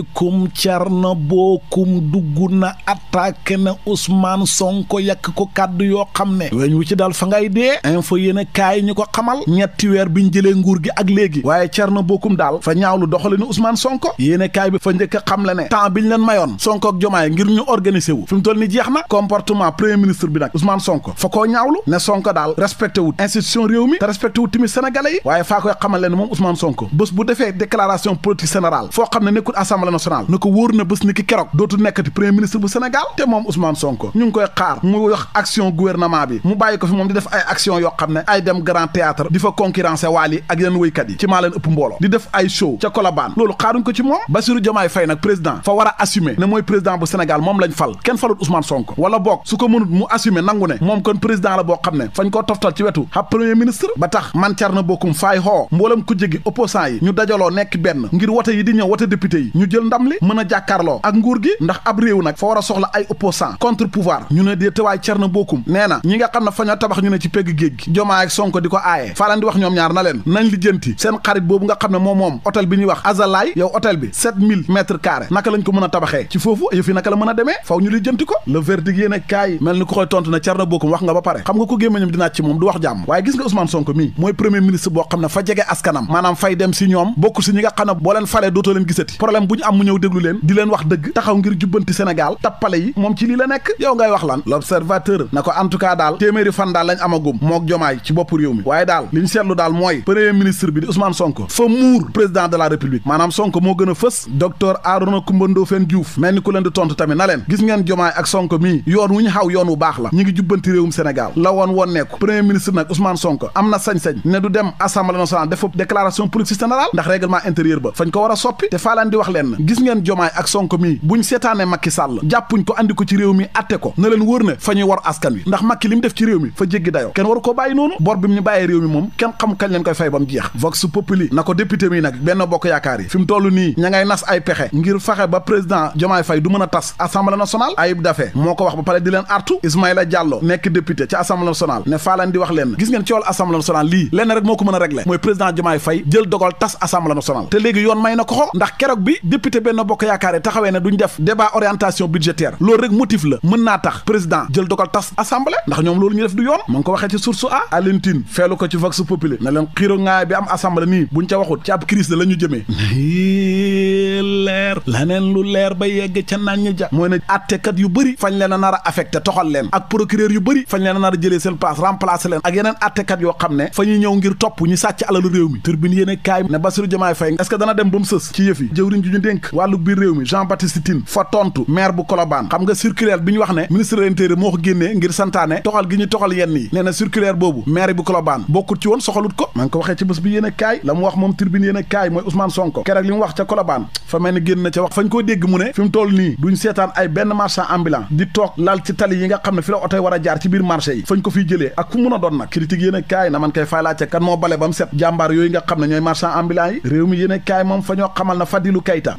aleykum carna bookum dugg na attaqué na Ousmane Sonko yàkk ko kàddu yoo xam ne weñ wu ci daal fa ngay dee info yéen a kaay ñu ko xamal ñetti weer biñ jëlee nguur gi ak léegi waaye na carna bookum daal fa ñaawlu doxalinu Ousmane Sonko yéen a kaay bi fa njëkk a xam le ne temps biñ leen mayoon Sonko ak Jomaay ngir ñu organiser wu fi mu toll ni jeex na comportement premier ministre bi nag Ousmane Sonko fa koo ñaawlu ne Sonko daal respecté wut institution réew mi te respecté wut tamit sénégalais yi waaye faa koy xamal leen moom Ousmane Sonko bés bu defee assemblée nationale na ko wóor na bés dootu nekkati premier ministre bu Sénégal te moom Ousmane Sonko ñu ngi koy xaar mu wax action gouvernement bi mu bàyyi ko fi moom di def ay action yoo xam ne ay dem grand théâtre di fa concurrencer Wally ak yeneen wëykat yi ci maa leen ëpp mbooloo di def ay show ca Colobane loolu xaaruñ ko ci moom Bassirou Diomaye Faye nag président fa war a ne mooy président bu Sénégal moom lañ fal kenn falut Ousmane Sonko ko mënut jël ndam mën a jàkkaarloo ak nguur gi ndax ab réew nag fa war a soxla ay opposant contre pouvoir ñu ne dee tawaay Cerno Bokkum nee na ñi nga xam ne fa tabax ñu ne ci pegg géej gi Jomaay ak di ko aaye faa leen di wax ñoom ñaar na leen nañ lijjanti seen xarit boobu nga xam ne moom moom hôtel bi ñuy wax Azalaay yow hôtel bi sept mille naka lañ ko mën a tabaxee ci foofu yëf naka la mën a demee faw ñu lijjanti ko le verdict yéen kaay mel ni am mu ñëw déglu leen di leen wax dëgg taxaw ngir jubbanti Sénégal tappale yi moom ci lii la nekk yow ngay wax lan l'observateur na ko en daal téeméeri fan daal lañ amagum mook jomaay ci bopp réew mi waaye daal li ñu seetlu daal mooy premier ministre bi di Ousmane Sonko fa muur président de la maanaam Sonko moo gën a fës docteur Arouna Coumba Ndoffène Diouf mel ni ku leen di tontu tamit na leen gis ngeen jomaay ak Sonko mii yoon wu ñu la ñu ngi jubbanti réewum Sénégal la woon na sañ-sañ gis ngeen jomaay ak sonko mii buñ seetaane Macky Sall jàppuñ ko andi ko ci réew mi atte ko na leen ne fa ñuy war askan wi ndax Macky li def ci réew mi fa jéggi dayo kenn waru ko bàyyi noonu bor bi mu bàyyee réew mi moom kenn xam leen koy fay bam jeex vox populi na ko député mi nag benn bokk yaakaar yi fi nii ña nas ay pexe ngir faxe ba président jomaay fay du mën a tas assemblée nationale ayib dafe moo ko wax ba pare di leen ko a régler mooy président jomaay fay jël dogal tas député benn bokk yaakaare taxawee ne duñ def débat orientation budgétaire loolu rek motif la mën naa tax président jël dogal tas assemblée ndax ñoom loolu ñu def du yoon ma ngi ko waxee ci source a Alioune Tine feelu ko ci vox populi na leen xiiro ngaay bi am assemblée nii buñ ca waxut ci ab crise la la ñu jëmee leer laneen lu leer ba yegg ca naan ñi ja mooy ne attekat yu bëri fañ leen a nar a affecté toxal leen ak procureur yu bëri fañ leen a nar a jëlee seen place remplacé leen ak yeneen ne fa ñuy ñëw ñu sàcc e dénk wàllu biir réew mi Jean Baptiste Tine fa tontu maire bu Colobane xam nga circulaire bi ñu wax ne ministre de l'intérieur moo ko génnee ngir santaane toxal gi ñu toxal yenn yi nee na boobu maire bu Colobane bokkut ci woon soxalut ko maa ko waxee ci bés bi yéen a kaay la mu wax moom tribune yéen a kaay mooy Ousmane Sonko keroog li mu wax ca Colobane fa mel génn na ca wax fañ koo dégg mu ne fi mu toll nii duñ seetaan ay benn marchand ambulant di toog a jaar ci biir a doon a a kaay moom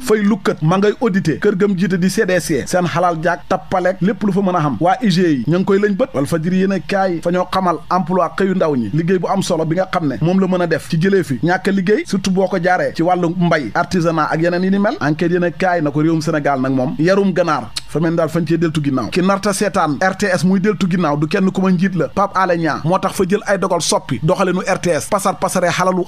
fay lukkat ma ngay audité kër gëm jiite di CDC seen xalaal jaak tappaleeg lépp lu fa mën a xam waa IGE yi ña ngi koy lañ bët wala fa liggéey bu am solo bi nga xam ne moom la mën a def ci jëlee fi ñàkk liggéey surtout boo ko jaaree ci wàllu mbay artisanat ak yeneen yi ni mel enquête yéen a kaay na ko réewum Sénégal nag moom yarum ganaar fa mel daal fañ cee deltu ginnaaw ki narta seetaan RTS muy deltu ginnaaw du kenn ku ma njiit la Pape Alé Niang moo tax fa jël ay dogal soppi doxalinu RTS pasar pasaree xalalu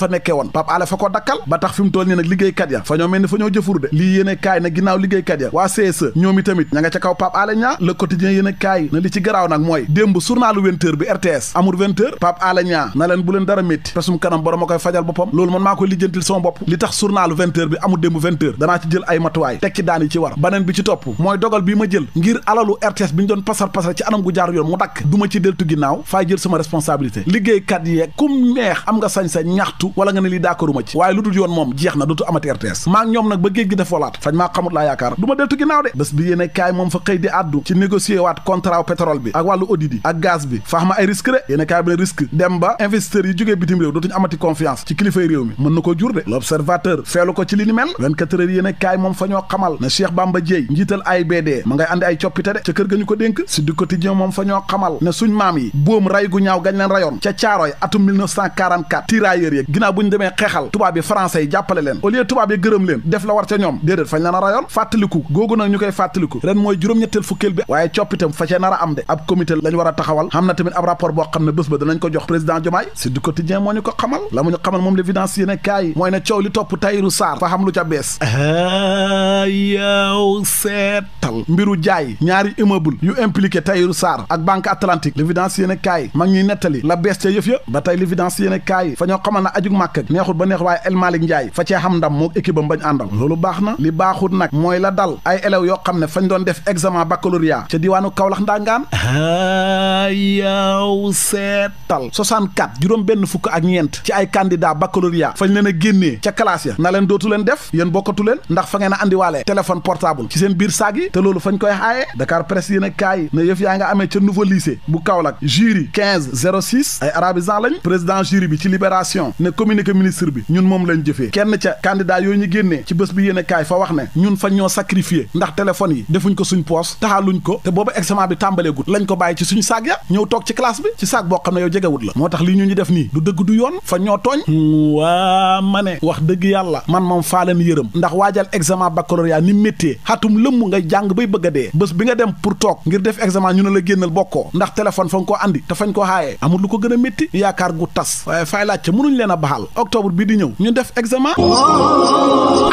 fa nekkee woon Pape fa ko dakkal ba tax fi mu toll nii nag liggéeykat ya fa ñoo mel ni fa ñoo jëfuru de lii yéen kaay na ginnaaw liggéeykat ya waa CSE ñoom i tamit ña nga ca kaw Pape Alé Niang le quotidien kaay na li ci garaaw nag mooy démb journalu vingt heures bi RTS amul vingt heures Pape Alé Niang na leen bu leen dara métti pesum kanam borom a koy fajal boppam loolu man maa koy lijjantil sama bopp li tax journalu vingt bi amul démb vingt danaa ay matuwaay teg ci daan yi ci war baneen bi ci topp mooy dogal bii ma jël ngir alalu RTS bi jaar yoon mu dakk du ma ci deltu ginnaaw faay jël sama responsabilité liggéeykat yeeg kum neex am nga sañ-sañ dund wala nga ne lii d'accorduma ci waaye lu dul yoon moom jeex na dootu amati RTS maa ngi ñoom nag ba géej gi def walaat fañ maa xamut laa yaakaar du ma deltu ginnaaw de bés bi yéene kaay moom fa xëy di àddu ci négocier waat contrat bi ak wàllu audit yi ak gaz bi faax ma ay risque de yéene kaay bi ne risque dem ba investisseurs yi jógee bitim réew dootuñu amati confiance ci kilifay réew mi mën na ko jur de l'observateur feelu ko ci li mel 24 heures yéene maam yi boom ray gu ñaaw gañ leen rayoon ginnaaw bu ñu demee xeexal tubaab yi français yi jàppale leen au lieu tubaab yi gërëm leen def la war ca ñoom déedéet fañ la nar a yoon fàttaliku googu nag ñu koy fàttaliku ren mooy juróom-ñetteel fukkeel bi waaye coppitam fa cee nar a am de ab comité lañ war a taxawal xam na tamit ab rapport boo xam ne bés ba danañ ko jox président Diomaye si du quotidien moo ñu ko xamal la mu ñu xamal moom l'évidence yéene mooy ne coow li topp Tahirou Sarr fa xam lu politique màkk neexut ba neex waaye El Malick Ndiaye fa cee xam ndam mook équipe am bañ àndal loolu baax na li baaxut nag mooy la dal ay élèves yoo xam ne fañ doon def examen baccalauréat ca diwaanu Kaolack ndangaan yaw seetal 64 juróom benn fukk ak ñeent ci ay candidat baccalauréat fañ leen a génnee ca classe ya na leen dootu leen def yéen bokkatu leen ndax fa ngeen a andiwaalee téléphone portable ci seen biir saag yi te loolu fañ koy xaaye Dakar presse yéen kaay na yëf bu Kaolack jury 15 06 ay arabisant lañ président jury bi ci libération communiqué ministre bi ñun moom lañ jëfee kenn ca candidat yooyu ñu génnee ci bés bi yéen kaay fa wax ne ñun fa ñoo sacrifié ndax téléphone yi defuñ ko suñ poos taxaaluñ ko te booba examen bi tàmbaleegut lañ ko bàyyi ci suñu saag ya ñëw toog ci classe bi ci saag boo xam ne yow jegewut la moo tax lii ñu ñu def nii du dëgg du yoon fa ñoo tooñ waa ma ne wax dëgg yàlla man moom faa leen yërëm ndax waajal examen baccalauréat ni métier xatum lëmm nga jàng bay bëgg a dee bés bi nga dem pour toog ngir def examen ñu ne la génnal bokkoo ndax téléphone fa nga koo àndi te fañ ko xaayee ko gën yaakaar gu tas waaye fay leen a baal octobre bi di ñëw ñu def examen.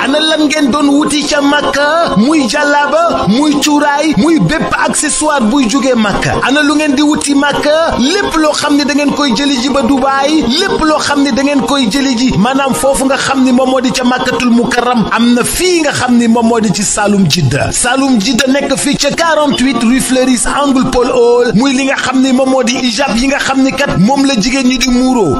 ana lan ngeen doon wuti ca makka muy jàllaaba muy cuuraay muy bépp accessoire buy jógee makka ana lu ngeen di wuti makka lépp loo xam ne da ngeen koy jëli ji ba dubaay lépp loo xam ne da ngeen koy jëli ji maanaam foofu nga xam ni moom moo di ca màkkatul mukarram am na fii nga xam ni moom moo di ci Saloum jidda Saloum jidda nekk fii ca 48 rue Fleuris angle Paul Hall muy li nga xam ni moom moo di ijab yi nga xam ni kat la jigéen ñi di muuro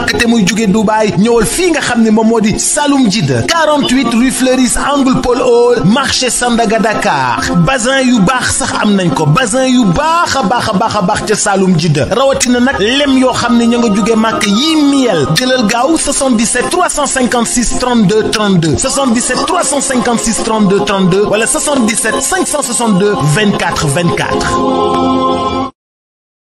mag te muy jóge Dubaay ñëwal fii nga xam ne moom moo di Saloum Jide 48 rue Fleuris angle Paul Hall marché Sandaga Dakar bazin yu baax sax am nañ ko basin yu baax a baax a baax a baax ca Saloum Jide rawatina nag lem yoo xam ne ña nga jóge màkk yi miel jëlal gaaw 77 356 32 32 77 356 32 32 wala 77 562 24 24